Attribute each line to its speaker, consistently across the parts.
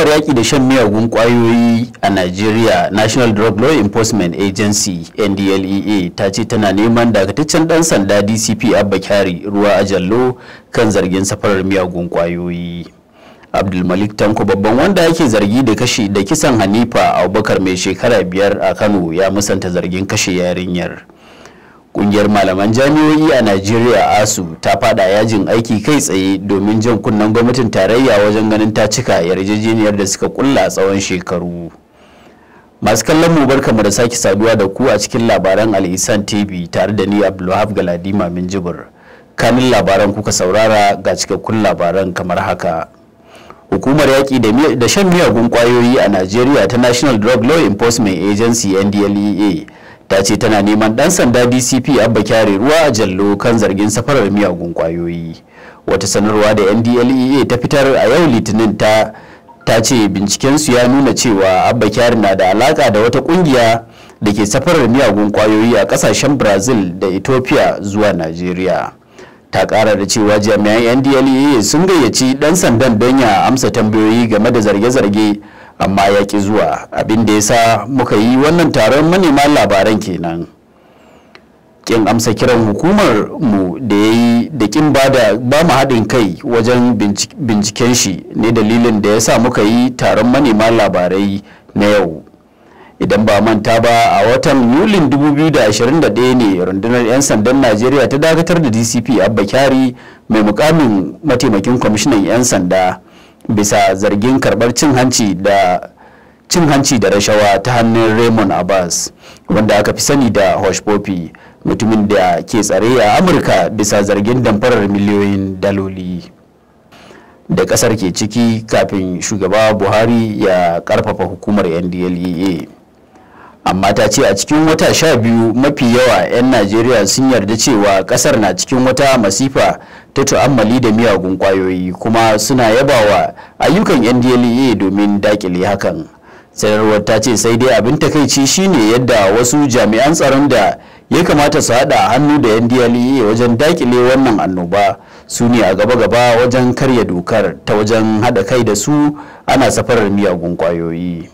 Speaker 1: hukumar yaƙi da shan miyagun ƙwayoyi a Najeriya National Drug Law Enforcement Agency NDLEA ta ce tana neman dakataccen ɗan sanda DCP Abba Kyari ruwa a jallo kan zargin safarar miyagun ƙwayoyi. Abdulmalik Tanko babban wanda yake zargi da kashe da kisan Hanifa Abubakar mai shekara biyar a Kano ya musanta zargin kashe yarinyar. kungiyar malaman jami'o'i a najeriya asu ta fada yajin aiki kai tsaye domin jan kunnen gwamnatin tarayya wajen ganin ta cika yarjejeniyar da suka kulla tsawon shekaru masu kallon mu bar da sake saduwa da ku a cikin labaran al'isan tv tare da ni abdulwahab galadi mamin jibir kanin labaran kuka saurara ga cikakkun labaran kamar haka hukumar yaƙi da shan miyagun ƙwayoyi a najeriya ta national drug law enforcement agency ndlea ta ce tana neman dan sanda dcp abba kyare ruwa a jallo kan zargin safarar miyagun kwayoyi wata sanarwa da ndlea ta fitar a yau litinin ta ta ce bincikensu ya nuna cewa abba kyare na da alaka da wata kungiya da ke safarar miyagun kwayoyi a kasashen brazil da ethiopia zuwa nigeria ta kara da cewa jami'an ndlea sun gayyaci dan sandan don ya amsa tambayoyi game da zarge-zarge amma ya ƙi zuwa abin da ya sa muka yi wannan taron manema labaran kenan ƙin amsa kiran hukumar mu da ya yi da ƙin ba mu haɗin kai wajen binciken shi ne dalilin da ya sa muka yi taron manema labarai na yau idan ba manta ba a watan yulin 2021 ne rundunar 'yan sandan najeriya ta dakatar da dcp abba kyari mai mukamin mataimakin kwamishinan 'yan sanda bisa zargin karbar cin hanci da cin hanci da rashawa ta hannun raymond abbas wanda aka fi sani da hush poppy mutumin da ke tsare a amurka bisa zargin damfarar miliyoyin daloli da kasar ke ciki kafin shugaba buhari ya karfafa hukumar ndlea amma ta ce a cikin wata sha biyu mafi yawa 'yan najeriya sun yarda cewa kasar na cikin wata masifa ta tu'ammali da miyagun kwayoyi kuma suna yabawa ayyukan ndlea domin dakile hakan sanarwar ta ce sai dai abin takaici shine yadda wasu jami'an tsaron da ya kamata su haɗa hannu da ndlea wajen dakile wannan annoba su ne a gaba-gaba wajen karya dokar ta wajen haɗa kai da su ana safarar miyagun kwayoyi.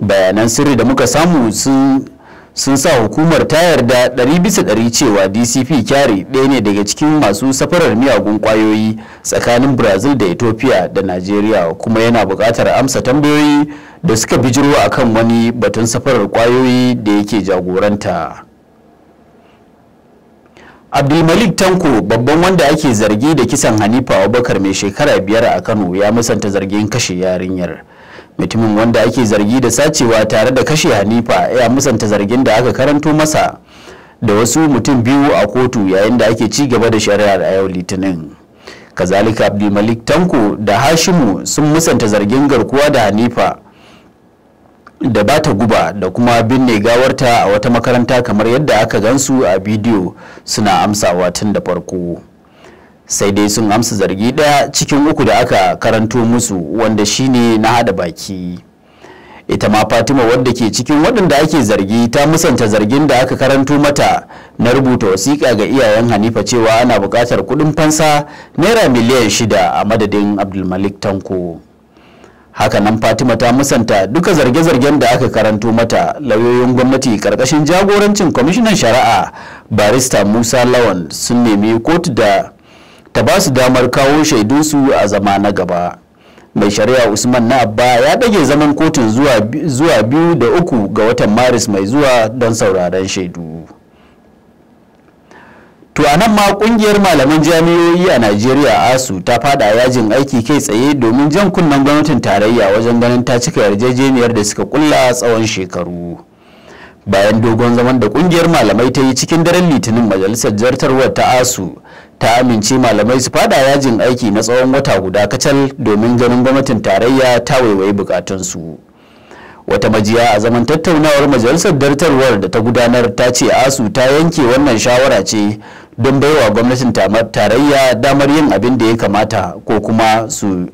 Speaker 1: bayanan sirri da muka samu sun sa hukumar ta yarda ɗari cewa dcp kyari ɗaya ne daga cikin masu safarar miyagun kwayoyi tsakanin brazil da ethiopia da nigeria kuma yana buƙatar amsa tambayoyi da suka bijiro a kan wani batun safarar kwayoyi da yake jagoranta abdulmalik tanko babban wanda ake zargi da kisan hanifa abubakar mai shekara biyar a kano ya musanta zargin kashe yarinyar mutumin wanda ake zargi da sacewa tare da kashe hanifa ya musanta zargin da aka karanto masa da wasu mutum biyu a kotu yayin da ake ci gaba da shari'ar a yau litinin kazalika abdulmalik tanko da hashimu sun musanta zargin garkuwa da hanifa da bata guba da kuma binne gawarta a wata makaranta kamar yadda aka gansu a bidiyo suna amsawa tun da farko. sai dai sun amsa zargi daya cikin uku da aka karanto musu wanda shine na hada baki ita ma fatima wadda ke cikin waɗanda ake zargi ta musanta zargin da aka karanto mata na rubuta wasiƙa ga iyayen hanifa cewa ana buƙatar kuɗin fansa naira miliyan shida a madadin abdulmalik tanko hakanan fatima ta musanta duka zarge-zargen da aka karanto mata lauyoyin gwamnati karkashin jagorancin kwamishinan shari'a barista musa lawan sun nemi kotu da ta ba su damar kawo su a zama na gaba mai shari'a usman na abba ya ɗage zaman kotun zuwa biyu da uku ga watan maris mai zuwa don sauraron shaidu to a ma kungiyar malaman jami'o'i a najeriya asu ta fada yajin aiki kai tsaye domin jan kunnen gwamnatin tarayya wajen ganin ta cika yarjejeniyar da suka kulla tsawon shekaru bayan dogon zaman da kungiyar malamai ta yi cikin daren litinin majalisar jartarwar ta asu ta amince malamai su fada yajin aiki na tsawon wata guda kacal domin ganin gwamnatin tarayya ta waiwayi bukatunsu wata majiya a zaman tattaunawar majalisar dartarwar da ta gudanar ta ce asu ta yanke wannan shawara ce don baiwa gwamnatin tarayya damar yin abin da ya kamata ko kuma su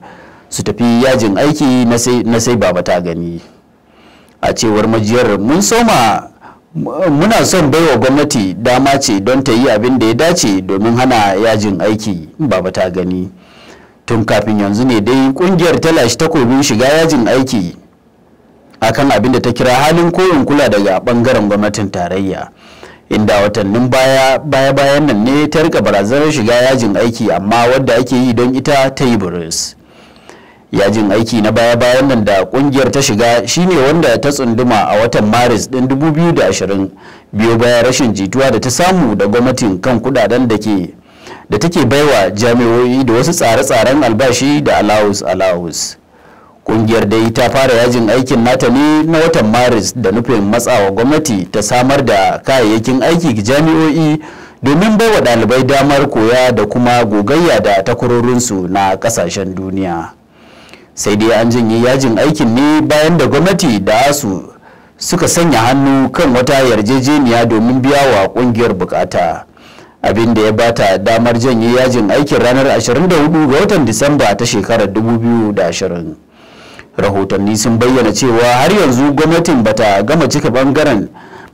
Speaker 1: tafi yajin aiki na sai baba ta gani a cewar majiyar mun soma muna son baiwa gwamnati dama ce don ta yi abin da ya dace domin hana yajin aiki ba ta gani tun kafin yanzu ne dai kungiyar ta lashe takobin shiga yajin aiki akan abin da ta kira halin koyon kula daga bangaren gwamnatin tarayya inda watannin baya baya bayan nan ne ta rika barazanar shiga yajin aiki amma wadda ake yi don ita ta yi buris yajin aiki na baya-bayan nan da kungiyar ta shiga shine wanda ta tsunduma a watan maris din 2020 biyo baya rashin jituwa da ta samu da gwamnatin kan kudaden da ke da take baiwa jami'o'i da wasu tsare-tsaren albashi da allowance allowance kungiyar dai ta fara yajin aikin nata ne na watan maris da nufin matsawa gwamnati ta samar da kayayyakin aiki ga jami'o'i domin baiwa ɗalibai damar koya da kuma gogayya da takwarorinsu na ƙasashen duniya. sai dai an janye yajin aikin ne bayan da gwamnati da asu suka sanya hannu kan wata yarjejeniya domin biya wa kungiyar bukata abin da ya bata damar janye yajin aikin ranar 24 ga watan disamba ta shekarar 2020 rahotanni sun bayyana cewa har yanzu gwamnatin bata gama cika bangaren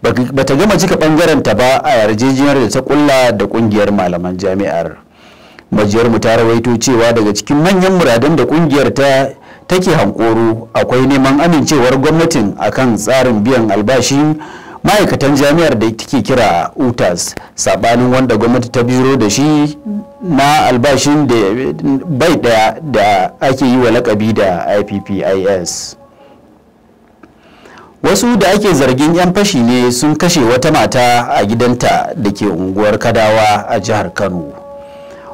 Speaker 1: gama cika bangaren ta ba a yarjejeniyar da ta kulla da kungiyar malaman jami'ar majiyarmu ta rawaito cewa daga cikin manyan muradan da kungiyar ta take hankoro akwai neman amincewar gwamnatin akan tsarin biyan albashi ma'aikatan jami'ar da take kira utas sabanin wanda gwamnati ta biro da shi na albashin da bai daya da ake yi wa lakabi da ippis wasu da ake zargin 'yan fashi ne sun kashe wata mata a gidanta da ke unguwar kadawa a jihar kano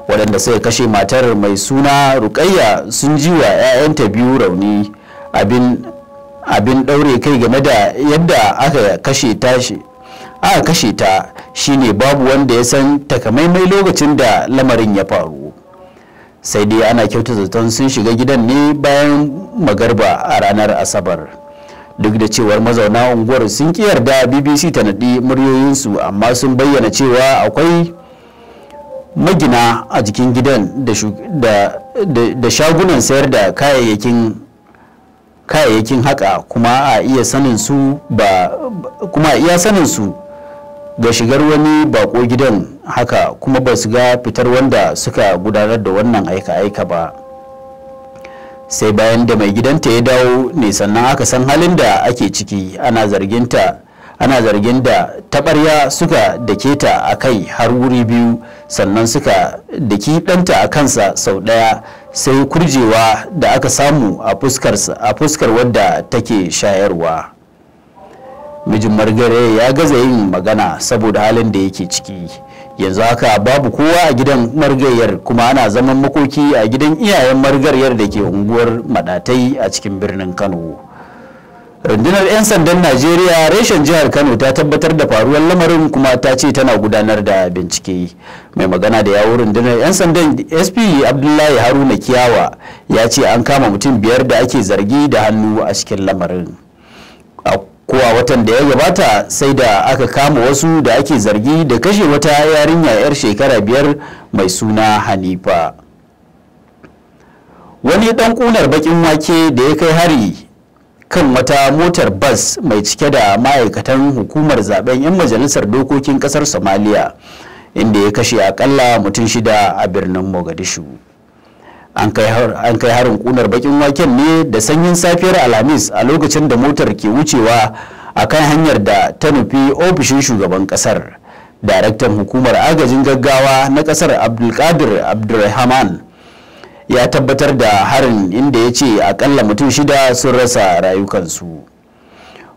Speaker 1: waɗanda suka kashe matar mai suna rukayya sun ji wa 'ya'yanta biyu rauni abin ɗaure kai game da yadda aka kashe ta aka kashe ta shine babu wanda ya san takamaimai lokacin da lamarin ya faru sai dai ana kyauta zaton sun shiga gidan ne bayan magarba a ranar asabar duk da cewar mazauna unguwar sun ƙi yarda bbc ta naɗi muryoyinsu amma sun bayyana cewa akwai magina a jikin gidan da shagunan sayar da kayayyakin kayayyakin haka kuma a iya sanin su ga shigar wani bako gidan haka kuma ba su ga fitar wanda suka gudanar da wannan aika-aika ba sai bayan da mai gidanta ya dawo ne sannan aka san halin da ake ciki ana zarginta ana zargin da taɓarya suka dake ta a kai har wuri biyu sannan suka daki danta a kansa sau ɗaya sai kurjewa da aka samu a fuskar wadda take shayarwa mijin margare ya gaza yin magana saboda halin da yake ciki yanzu haka babu kowa a gidan margayyar kuma ana zaman makoki a gidan iyayen margaryar da ke unguwar madatai a cikin birnin kano rundunar 'yan sandan najeriya reshen jihar kano ta tabbatar da faruwar lamarin kuma ta ce tana gudanar da bincike mai magana da yawo, rundunar 'yan sandan sp abdullahi haruna kiyawa ya ce an kama mutum biyar da ake zargi da hannu a cikin lamarin a kowa watan da ya gabata sai da aka kama wasu da ake zargi da kashe wata yarinya 'yar shekara biyar mai suna hanifa wani ɗan ƙunar baƙin wake da ya kai hari kan wata motar bas mai cike da ma'aikatan hukumar zaben 'yan majalisar dokokin kasar somaliya inda ya kashe akalla mutum shida a birnin mogadishu an kai harin kunar bakin waken ne da sanyin safiyar alhamis a lokacin da motar ke wucewa a kan hanyar da ta nufi ofishin shugaban kasar daraktan hukumar agajin gaggawa na kasar abdulkadir abdulrahman ya tabbatar da harin inda ya ce akalla mutum shida sun rasa rayukansu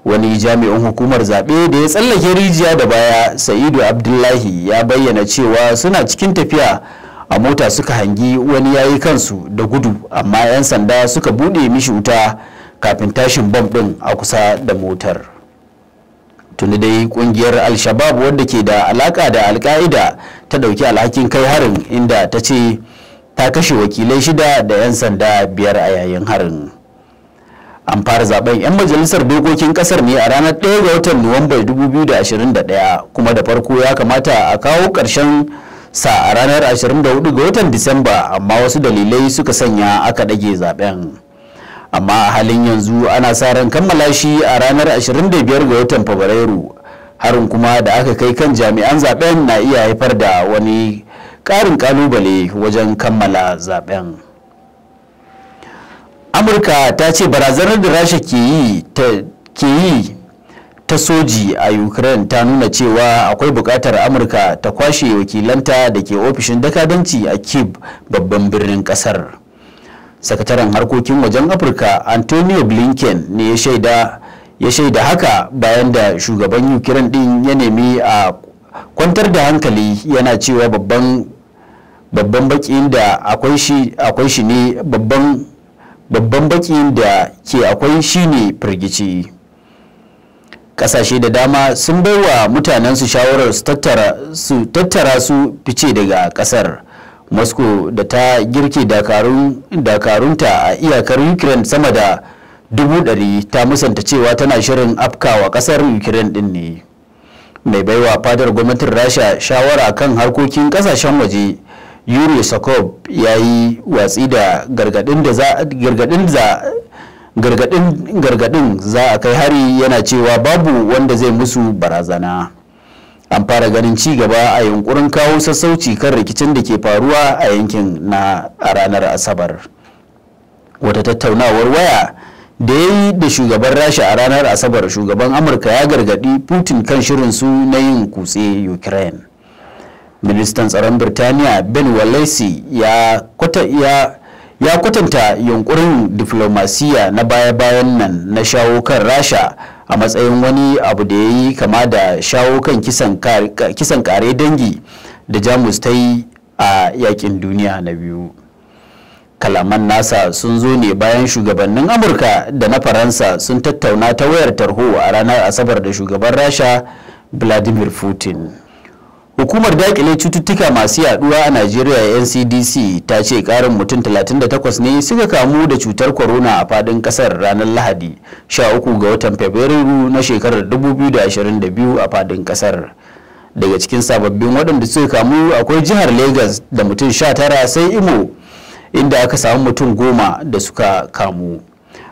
Speaker 1: wani jami'in hukumar zaɓe da ya tsallake rijiya da baya sa'idu abdullahi ya bayyana cewa suna cikin tafiya a mota suka hangi wani yayi kansu da gudu amma 'yan sanda suka buɗe mishi wuta kafin tashin bom ɗin a kusa da motar tuni dai kungiyar al-shabab wadda ke da alaka da alka'ida ta ɗauki alhakin kai harin inda ta ce ta kashe wakilai shida da 'yan sanda biyar a yayin harin an fara zaben 'yan majalisar dokokin kasar ne a ranar 1 ga watan nuwamba 2021 kuma da farko ya kamata a kawo ƙarshen sa a ranar 24 ga watan disamba amma wasu dalilai suka sanya aka ɗage zaben amma a halin yanzu ana sa ran kammala shi a ranar 25 ga watan fabrairu harin kuma da aka kai kan jami'an zaben na iya haifar da wani ƙarin ƙalubale wajen kammala zaben amurka ta ce barazanar da rasha ke yi ta soji a ukraine ta nuna cewa akwai buƙatar amurka ta kwashe wakilanta da ke ofishin dakadanci a kib babban birnin ƙasar sakataren harkokin wajen afirka antonio blinken ne ya shaida ya shaida haka bayan da shugaban ukraine din ya nemi a kwantar da hankali yana cewa babban babban bakin da akwai shi ne babban bakin da ke akwai shi ne firgici kasashe da dama sun baiwa mutanensu shawarar su tattara su fice daga kasar moscow da ta girke dakarunta a iyakar ukraine sama da dubu ɗari ta musanta cewa tana shirin afkawa kasar ukraine din ne mai baiwa fadar gwamnatin rasha shawara kan harkokin kasashen waje yuri sokob ya yi watsi da gargadin za a kai hari yana cewa babu wanda zai musu barazana an fara ganin ci gaba a yunkurin kawo sassauci kan rikicin da ke faruwa a yankin na a ranar asabar wata tattaunawar waya da ya yi da shugaban rasha a ranar asabar shugaban amurka ya gargadi putin kan shirin su na yin kutse ukraine ministan tsaron birtaniya ben wallace ya kwatanta yunkurin diflomasiya na baya-bayan nan na shawo kan rasha a matsayin wani abu da ya yi kama da shawo kan kisan kare dangi da jamus ta yi a yakin duniya na biyu kalaman nasa sun zo ne bayan shugabannin amurka da na faransa sun tattauna ta wayar tarho a ranar asabar da shugaban rasha vladimir putin Hukumar dakile cututtuka masu yaduwa a Najeriya NCDC ta ce karin mutum 38 ne suka kamu da cutar corona a fadin kasar ranar Lahadi 13 ga watan Fabrairu na shekarar 2022 a fadin kasar. Daga cikin sababbin waɗanda suka kamu akwai jihar Lagos da mutum 19 sai Imo inda aka samu mutum goma da suka kamu.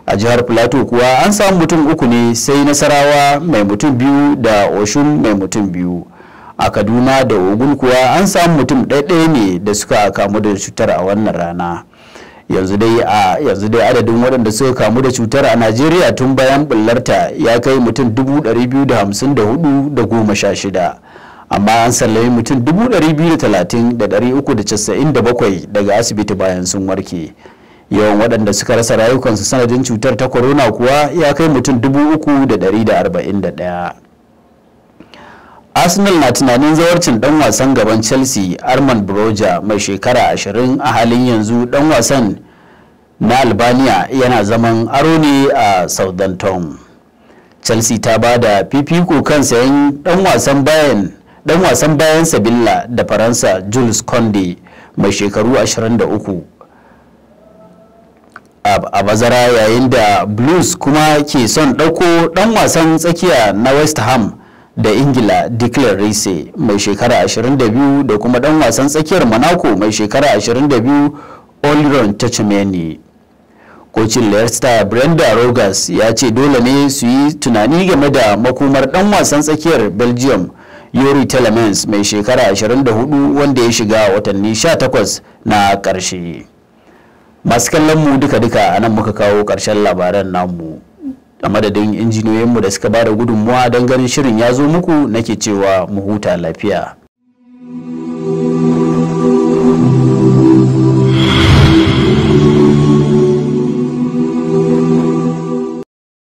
Speaker 1: A jihar Plateau kuwa an samu mutum uku ne sai Nasarawa mai mutum biyu da Oshun mai mutum biyu. a kaduna da ogun kuwa an samu mutum ɗaya ne da suka kamu da cutar a wannan rana yanzu dai a yanzu dai adadin waɗanda suka kamu da cutar a najeriya tun bayan bullarta ya kai mutum dubu ɗari biyu da da da hamsin hudu goma sha shida, amma an sallami mutum dubu ɗari ɗari biyu da da da da talatin uku casa'in bakwai daga asibiti bayan sun warke yawan waɗanda suka rasa rayukansu sanadin cutar ta corona kuwa ya kai mutum dubu uku da da da ɗari arba'in ɗaya. arsenal na tunanin zawarcin dan wasan gaban chelsea arman broja mai shekara 20 a halin yanzu dan wasan na albania yana zaman aro ne a southampton chelsea ta ba da fifiko kan sayan dan wasan bayan dan wasan bayan sabilla da faransa jules conde mai shekaru 23 a bazara yayin da blues kuma ke son ɗauko dan wasan tsakiya na west ham da ingila declare rice mai shekara 22 da kuma dan wasan tsakiyar monaco mai shekara 22 oliron cimeni kocin leicester brenda rogers ya ce dole ne su yi tunani game da makomar dan wasan tsakiyar belgium yuri telemans mai shekara 24 wanda ya shiga watanni 18 na ƙarshe masu kallon mu duka-duka a nan muka kawo ƙarshen labaran namu a madadin injiniyoyinmu da suka ba da gudunmuwa don ganin shirin ya zo muku nake cewa mu huta lafiya